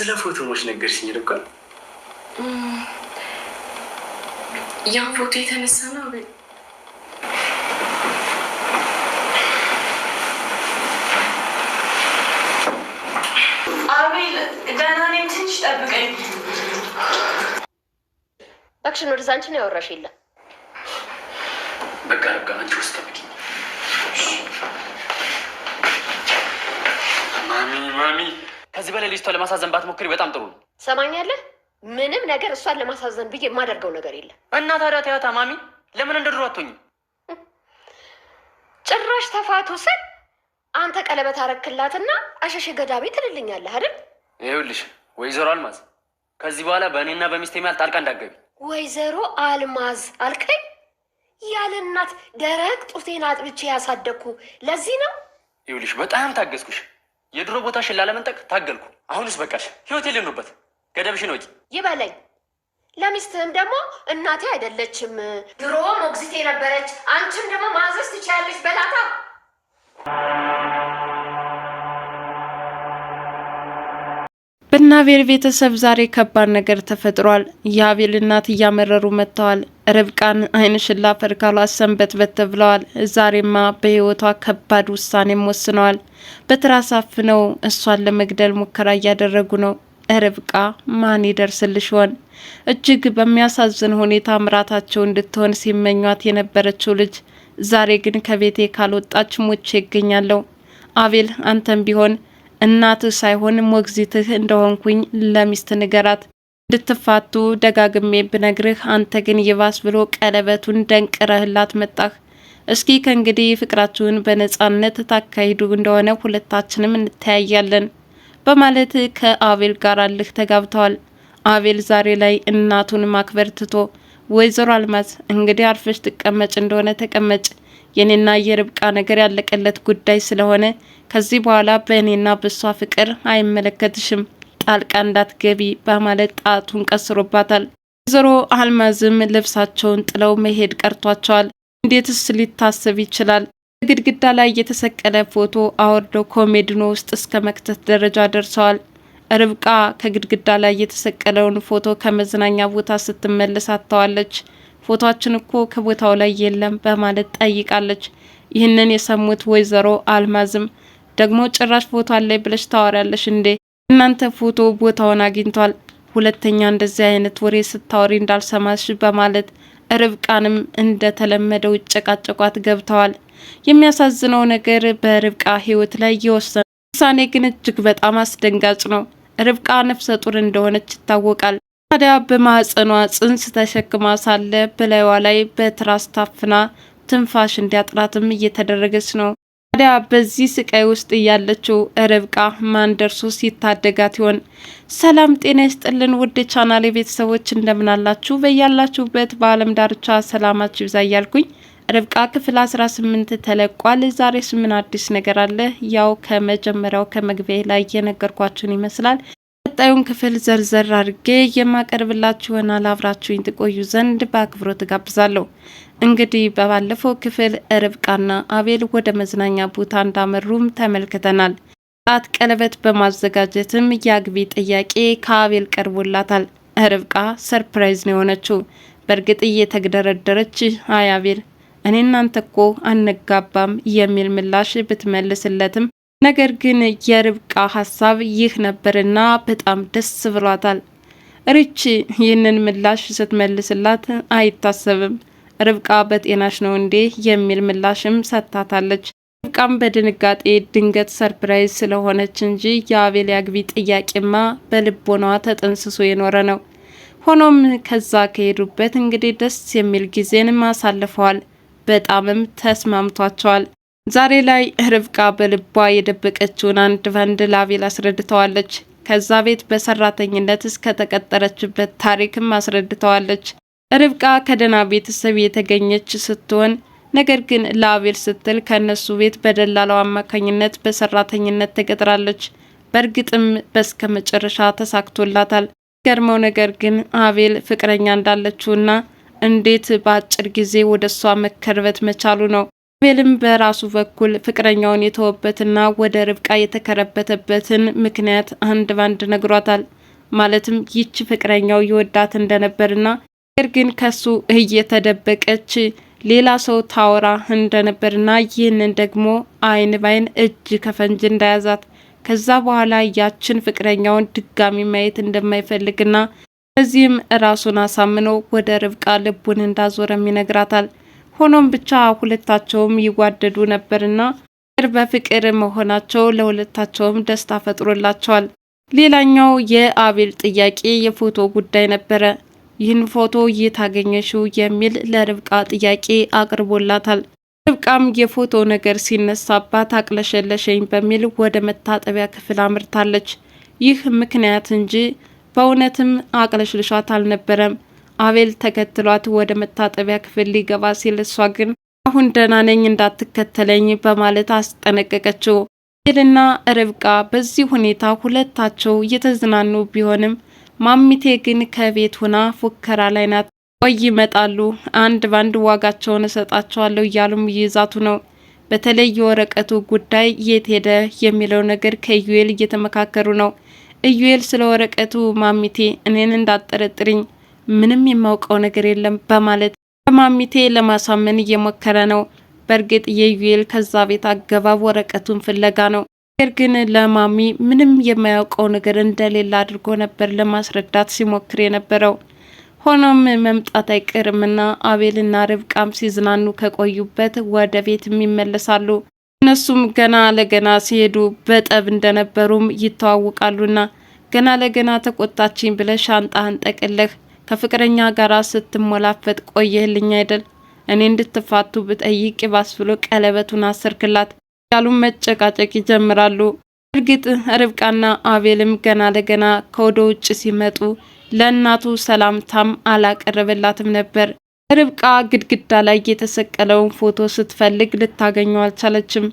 ስለ ፎቶዎች ነገርሽኝ ልኳል። ያን ፎቶ የተነሳ ነው አቤል። አቤል ደህና ነኝ፣ ትንሽ ጠብቀኝ እባክሽን። ወደዛ አንቺን ያወራሽ የለም። በቃ በቃ፣ አንቺ ውስጥ ብ ማሚ ማሚ ከዚህ በላይ ልጅቷ ለማሳዘን ባትሞክሪ በጣም ጥሩ ነው። ሰማኛለህ? ምንም ነገር እሷን ለማሳዘን ብዬ የማደርገው ነገር የለም። እና ታዲያ ተያታ ማሚ ለምን እንደ ድሮ ጭራሽ ተፋቱ ስል አንተ ቀለበት አረክላትና አሸሼ ገዳሜ ትልልኛለህ አይደል? ይኸውልሽ ወይዘሮ አልማዝ ከዚህ በኋላ በእኔና በሚስቴ መሃል ጣልቃ እንዳገቢ። ወይዘሮ አልማዝ አልከኝ? ያለ እናት ደረቅ ጡቴን አጥብቼ ያሳደግኩ ለዚህ ነው። ይኸውልሽ በጣም ታገዝኩሽ። የድሮ ቦታሽን ላለመንጠቅ ታገልኩ። አሁንስ በቃሽ፣ ህይወቴ ልኑበት፣ ገደብሽን ወቂ ይበለኝ። ለሚስትህም ደግሞ እናቴ አይደለችም ድሮ ሞግዚቴ ነበረች፣ አንቺም ደግሞ ማዘዝ ትችያለሽ በላታ በና አቤል ቤተሰብ ዛሬ ከባድ ነገር ተፈጥሯል። የአቤል እናት እያመረሩ መጥተዋል። ርብቃን ዓይንሽን ላፈር ካላሰንበት በት ብለዋል። ዛሬማ በህይወቷ ከባድ ውሳኔም ወስነዋል። በትራስ አፍነው እሷን ለመግደል ሙከራ እያደረጉ ነው። ርብቃ ማን ይደርስልሽ ይሆን? እጅግ በሚያሳዝን ሁኔታ ምራታቸው እንድትሆን ሲመኟት የነበረችው ልጅ ዛሬ ግን ከቤቴ ካልወጣች ሞቼ ይገኛለሁ። አቤል አንተም ቢሆን እናትህ ሳይሆን ሞግዚትህ እንደሆንኩኝ ለሚስት ንገራት። እንድትፋቱ ደጋግሜ ብነግርህ አንተ ግን ይባስ ብሎ ቀለበቱን ደንቅረህላት መጣህ። እስኪ ከእንግዲህ ፍቅራችሁን በነጻነት ታካሂዱ እንደሆነ ሁለታችንም እንተያያለን በማለት ከአቤል ጋር አልህ ተጋብተዋል። አቤል ዛሬ ላይ እናቱን ማክበር ትቶ ወይዘሮ አልማዝ እንግዲህ አርፈሽ ትቀመጭ እንደሆነ ተቀመጭ፣ የኔና የርብቃ ነገር ያለቀለት ጉዳይ ስለሆነ ከዚህ በኋላ በእኔና በሷ ፍቅር አይመለከትሽም፣ ጣልቃ እንዳትገቢ በማለት ጣቱን ቀስሮባታል። ወይዘሮ አልማዝም ልብሳቸውን ጥለው መሄድ ቀርቷቸዋል። እንዴትስ ሊታሰብ ይችላል? በግድግዳ ላይ የተሰቀለ ፎቶ አወርደው ኮሜድኖ ውስጥ እስከ መክተት ደረጃ ደርሰዋል። ርብቃ ከግድግዳ ላይ የተሰቀለውን ፎቶ ከመዝናኛ ቦታ ስትመለስ አጥተዋለች። ፎቶችን እኮ ከቦታው ላይ የለም በማለት ጠይቃለች። ይህንን የሰሙት ወይዘሮ አልማዝም ደግሞ ጭራሽ ፎቶ አለኝ ብለሽ ታወሪያለሽ እንዴ? እናንተ ፎቶ ቦታውን አግኝቷል። ሁለተኛ እንደዚህ አይነት ወሬ ስታወሪ እንዳልሰማሽ በማለት ርብቃንም እንደተለመደው ጨቃጨቋት ገብተዋል። የሚያሳዝነው ነገር በርብቃ ህይወት ላይ የወሰነ ውሳኔ ግን እጅግ በጣም አስደንጋጭ ነው። ርብቃ ነፍሰ ጡር እንደሆነች ይታወቃል። ታዲያ በማዕፀኗ ጽንስ ተሸክማ ሳለ በላይዋ ላይ በትራስ ታፍና ትንፋሽ እንዲያጥራትም እየተደረገች ነው። ታዲያ በዚህ ስቃይ ውስጥ እያለችው ርብቃ ማን ደርሶ ሲታደጋት ይሆን? ሰላም ጤና ይስጥልን ውድ ቻናሌ ቤተሰቦች እንደምናላችሁ በያላችሁበት በዓለም ዳርቻ ሰላማችሁ ይብዛ እያልኩኝ ርብቃ ክፍል 18 ተለቋል። ዛሬ ምን አዲስ ነገር አለ? ያው ከመጀመሪያው ከመግቢያ ላይ የነገርኳችሁን ይመስላል። ቀጣዩን ክፍል ዘርዘር አድርጌ የማቀርብላችሁ ይሆናል። አብራችሁኝ ትቆዩ ዘንድ በአክብሮ ትጋብዛለሁ እንግዲህ በባለፈው ክፍል ርብቃና አቤል ወደ መዝናኛ ቦታ እንዳመሩም ተመልክተናል። ጣት ቀለበት በማዘጋጀትም የአግቢ ጥያቄ ከአቤል ቀርቦላታል። ርብቃ ሰርፕራይዝ ነው የሆነችው። በእርግጥ እየተግደረደረች አይ አቤል እኔ እናንተ እኮ አንጋባም የሚል ምላሽ ብትመልስለትም ነገር ግን የርብቃ ሀሳብ ይህ ነበርና በጣም ደስ ብሏታል። ርች ይህንን ምላሽ ስትመልስላት አይታሰብም ርብቃ በጤናሽ ነው እንዴ የሚል ምላሽም ሰጥታታለች። ርብቃም በድንጋጤ ድንገት ሰርፕራይዝ ስለሆነች እንጂ የአቤል ያግቢ ጥያቄማ በልቦናዋ ተጠንስሶ የኖረ ነው። ሆኖም ከዛ ከሄዱበት እንግዲህ ደስ የሚል ጊዜን አሳልፈዋል። በጣምም ተስማምቷቸዋል። ዛሬ ላይ ርብቃ በልቧ የደበቀችውን አንድ ፈንድ ለአቤል አስረድተዋለች። ከዛ ቤት በሰራተኝነት እስከ ተቀጠረችበት ታሪክም አስረድተዋለች። ርብቃ ከደህና ቤተሰብ የተገኘች ስትሆን ነገር ግን ለአቤል ስትል ከእነሱ ቤት በደላላው አማካኝነት በሰራተኝነት ተቀጥራለች። በእርግጥም በስከ መጨረሻ ተሳክቶላታል። ገርመው ነገር ግን አቤል ፍቅረኛ እንዳለችውና እንዴት በአጭር ጊዜ ወደ እሷ መከርበት መቻሉ ነው። አቤልም በራሱ በኩል ፍቅረኛውን የተወበትና ወደ ርብቃ የተከረበተበትን ምክንያት አንድ ባንድ ነግሯታል። ማለትም ይች ፍቅረኛው ይወዳት እንደነበርና ነገር ግን ከሱ እየተደበቀች ሌላ ሰው ታወራ እንደነበርና ይህንን ደግሞ አይን ባይን እጅ ከፈንጅ እንዳያዛት ከዛ በኋላ ያችን ፍቅረኛውን ድጋሚ ማየት እንደማይፈልግና በዚህም ራሱን አሳምኖ ወደ ርብቃ ልቡን እንዳዞረም ይነግራታል። ሆኖም ብቻ ሁለታቸውም ይዋደዱ ነበርና በፍቅር መሆናቸው ለሁለታቸውም ደስታ ፈጥሮላቸዋል። ሌላኛው የአቤል ጥያቄ የፎቶ ጉዳይ ነበረ። ይህን ፎቶ የታገኘሽው የሚል ለርብቃ ጥያቄ አቅርቦላታል። ርብቃም የፎቶ ነገር ሲነሳባት አቅለሸለሸኝ በሚል ወደ መታጠቢያ ክፍል አምርታለች። ይህ ምክንያት እንጂ በእውነትም አቅለሽልሿት አልነበረም። አቤል ተከትሏት ወደ መታጠቢያ ክፍል ሊገባ ሲል እሷ ግን አሁን ደህና ነኝ እንዳትከተለኝ በማለት አስጠነቀቀችው። አቤልና ርብቃ በዚህ ሁኔታ ሁለታቸው እየተዝናኑ ቢሆንም ማሚቴ ግን ከቤት ሆና ፉከራ ላይ ናት። ቆይ ይመጣሉ፣ አንድ ባንድ ዋጋቸውን እሰጣቸዋለሁ እያሉም ይይዛቱ ነው። በተለይ የወረቀቱ ጉዳይ የት ሄደ የሚለው ነገር ከኢዩኤል እየተመካከሩ ነው። ኢዩኤል ስለ ወረቀቱ ማሚቴ እኔን እንዳጠረጥርኝ ምንም የማውቀው ነገር የለም በማለት ከማሚቴ ለማሳመን እየሞከረ ነው። በእርግጥ የዩኤል ከዛ ቤት አገባብ ወረቀቱን ፍለጋ ነው። ነገር ግን ለማሚ ምንም የማያውቀው ነገር እንደሌለ አድርጎ ነበር ለማስረዳት ሲሞክር የነበረው። ሆኖም መምጣት አይቀርምና አቤልና ርብቃም ሲዝናኑ ከቆዩበት ወደ ቤትም ይመለሳሉ። እነሱም ገና ለገና ሲሄዱ በጠብ እንደነበሩም ይተዋወቃሉና ገና ለገና ተቆጣችኝ ብለህ ሻንጣህን ጠቅልህ ከፍቅረኛ ጋር ስትሞላፈጥ ቆየህልኝ አይደል? እኔ እንድትፋቱ ብጠይቅ ባስ ብሎ ቀለበቱን አሰርክላት ያሉም መጨቃጨቅ ይጀምራሉ። እርግጥ ርብቃና አቤልም ገና ለገና ከወደ ውጭ ሲመጡ ለእናቱ ሰላምታም አላቀረበላትም ነበር። ርብቃ ግድግዳ ላይ የተሰቀለውን ፎቶ ስትፈልግ ልታገኘው አልቻለችም።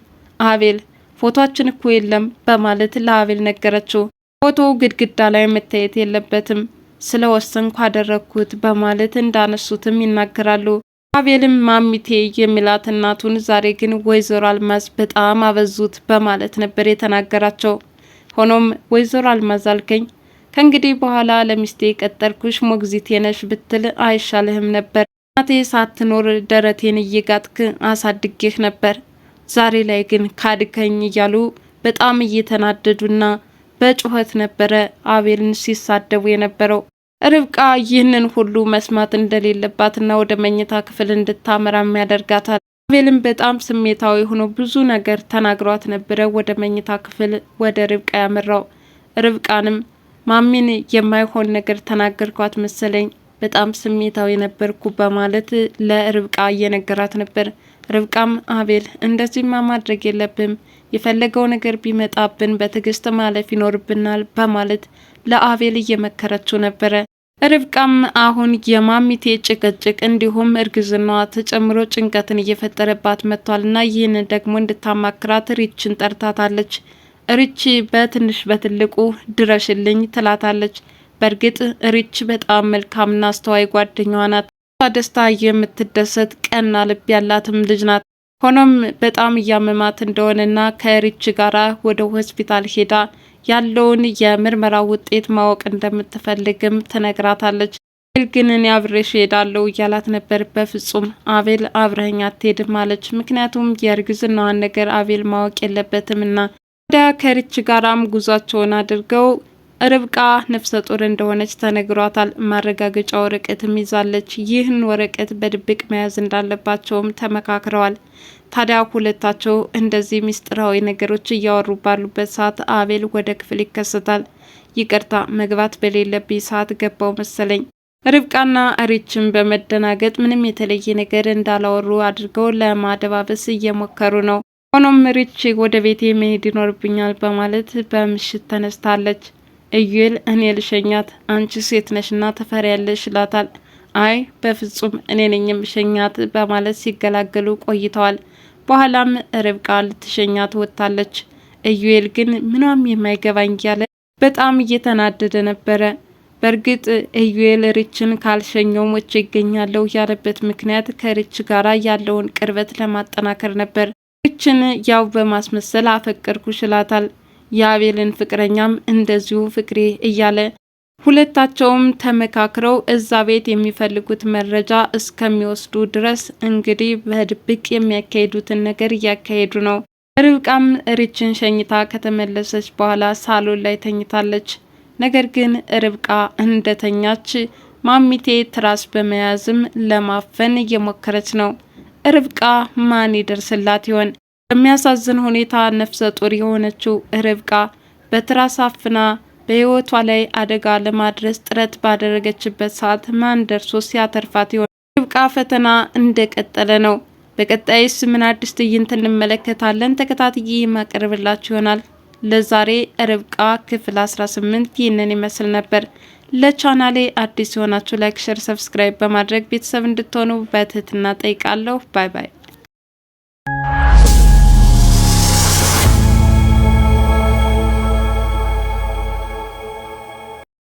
አቤል ፎቶችን እኮ የለም በማለት ለአቤል ነገረችው። ፎቶ ግድግዳ ላይ መታየት የለበትም ስለ ወሰንኩ አደረግኩት በማለት እንዳነሱትም ይናገራሉ። አቤልም ማሚቴ የሚላት እናቱን ዛሬ ግን ወይዘሮ አልማዝ በጣም አበዙት በማለት ነበር የተናገራቸው። ሆኖም ወይዘሮ አልማዝ አልከኝ ከእንግዲህ በኋላ ለሚስቴ የቀጠርኩሽ ሞግዚቴ ነሽ ብትል አይሻልህም ነበር። እናቴ ሳትኖር ደረቴን እየጋጥክ አሳድጌህ ነበር። ዛሬ ላይ ግን ካድከኝ እያሉ በጣም እየተናደዱና በጩኸት ነበረ አቤልን ሲሳደቡ የነበረው። ርብቃ ይህንን ሁሉ መስማት እንደሌለባትና ወደ መኝታ ክፍል እንድታመራም ያደርጋታል። አቤልን በጣም ስሜታዊ ሆኖ ብዙ ነገር ተናግሯት ነበረ ወደ መኝታ ክፍል ወደ ርብቃ ያመራው። ርብቃንም ማሚን የማይሆን ነገር ተናገርኳት መሰለኝ በጣም ስሜታዊ ነበርኩ በማለት ለርብቃ እየነገራት ነበር። ርብቃም አቤል እንደዚህማ ማድረግ የለብም የፈለገው ነገር ቢመጣብን በትዕግስት ማለፍ ይኖርብናል በማለት ለአቤል እየመከረችው ነበረ። ርብቃም አሁን የማሚቴ ጭቅጭቅ እንዲሁም እርግዝናዋ ተጨምሮ ጭንቀትን እየፈጠረባት መጥቷልና ይህንን ደግሞ እንድታማክራት ሪችን ጠርታታለች። ሪች በትንሽ በትልቁ ድረሽልኝ ትላታለች። በእርግጥ ሪች በጣም መልካምና አስተዋይ ጓደኛዋ ናት። ደስታ የምትደሰት ቀና ልብ ያላትም ልጅ ናት። ሆኖም በጣም እያመማት እንደሆነና ከሪች ጋራ ወደ ሆስፒታል ሄዳ ያለውን የምርመራ ውጤት ማወቅ እንደምትፈልግም ትነግራታለች። አቤል ግን እኔ አብሬሽ ሄዳለሁ እያላት ነበር። በፍጹም አቤል አብረኸኝ አትሄድም አለች። ምክንያቱም የእርግዝናዋን ነገር አቤል ማወቅ የለበትምና ወዲያ ከሪች ጋራም ጉዟቸውን አድርገው ርብቃ ነፍሰ ጡር እንደሆነች ተነግሯታል። ማረጋገጫ ወረቀትም ይዛለች። ይህን ወረቀት በድብቅ መያዝ እንዳለባቸውም ተመካክረዋል። ታዲያ ሁለታቸው እንደዚህ ሚስጥራዊ ነገሮች እያወሩ ባሉበት ሰዓት አቤል ወደ ክፍል ይከሰታል። ይቅርታ መግባት በሌለብኝ ሰዓት ገባው መሰለኝ። ርብቃና እሬችን በመደናገጥ ምንም የተለየ ነገር እንዳላወሩ አድርገው ለማደባበስ እየሞከሩ ነው። ሆኖም ሪች ወደ ቤቴ መሄድ ይኖርብኛል በማለት በምሽት ተነስታለች። እዩል እኔ ልሸኛት፣ አንቺ ሴት ነሽና ትፈሪያለሽ ይላታል። አይ በፍጹም እኔ ነኝም ሸኛት በማለት ሲገላገሉ ቆይተዋል። በኋላም ርብቃ ልትሸኛት ወጥታለች። እዩኤል ግን ምኗም የማይገባኝ እያለ በጣም እየተናደደ ነበረ። በእርግጥ እዩኤል ሪችን ካልሸኘው ሞቼ ይገኛለሁ ያለበት ምክንያት ከሪች ጋራ ያለውን ቅርበት ለማጠናከር ነበር። ሪችን ያው በማስመሰል አፈቀርኩ ይላታል። የአቤልን ፍቅረኛም እንደዚሁ ፍቅሬ እያለ ሁለታቸውም ተመካክረው እዛ ቤት የሚፈልጉት መረጃ እስከሚወስዱ ድረስ እንግዲህ በድብቅ የሚያካሂዱትን ነገር እያካሄዱ ነው። ርብቃም ሪችን ሸኝታ ከተመለሰች በኋላ ሳሎን ላይ ተኝታለች። ነገር ግን ርብቃ እንደተኛች ማሚቴ ትራስ በመያዝም ለማፈን እየሞከረች ነው። ርብቃ ማን ይደርስላት ይሆን? በሚያሳዝን ሁኔታ ነፍሰ ጡር የሆነችው ርብቃ በትራስ አፍና በህይወቷ ላይ አደጋ ለማድረስ ጥረት ባደረገችበት ሰዓት ማን ደርሶ ሲያተርፋት ይሆን? ርብቃ ፈተና እንደቀጠለ ነው። በቀጣይስ ምን አዲስ ትዕይንት እንመለከታለን? ተከታትዬ የማቀርብላችሁ ይሆናል። ለዛሬ ርብቃ ክፍል 18 ይህንን ይመስል ነበር። ለቻናሌ አዲስ የሆናችሁ ላይክ፣ ሸር፣ ሰብስክራይብ በማድረግ ቤተሰብ እንድትሆኑ በትህትና ጠይቃለሁ። ባይ ባይ።